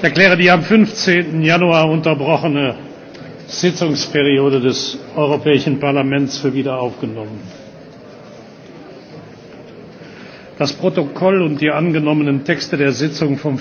Ich erkläre die am 15. Januar unterbrochene Sitzungsperiode des Europäischen Parlaments für wieder aufgenommen. Das Protokoll und die angenommenen Texte der Sitzung vom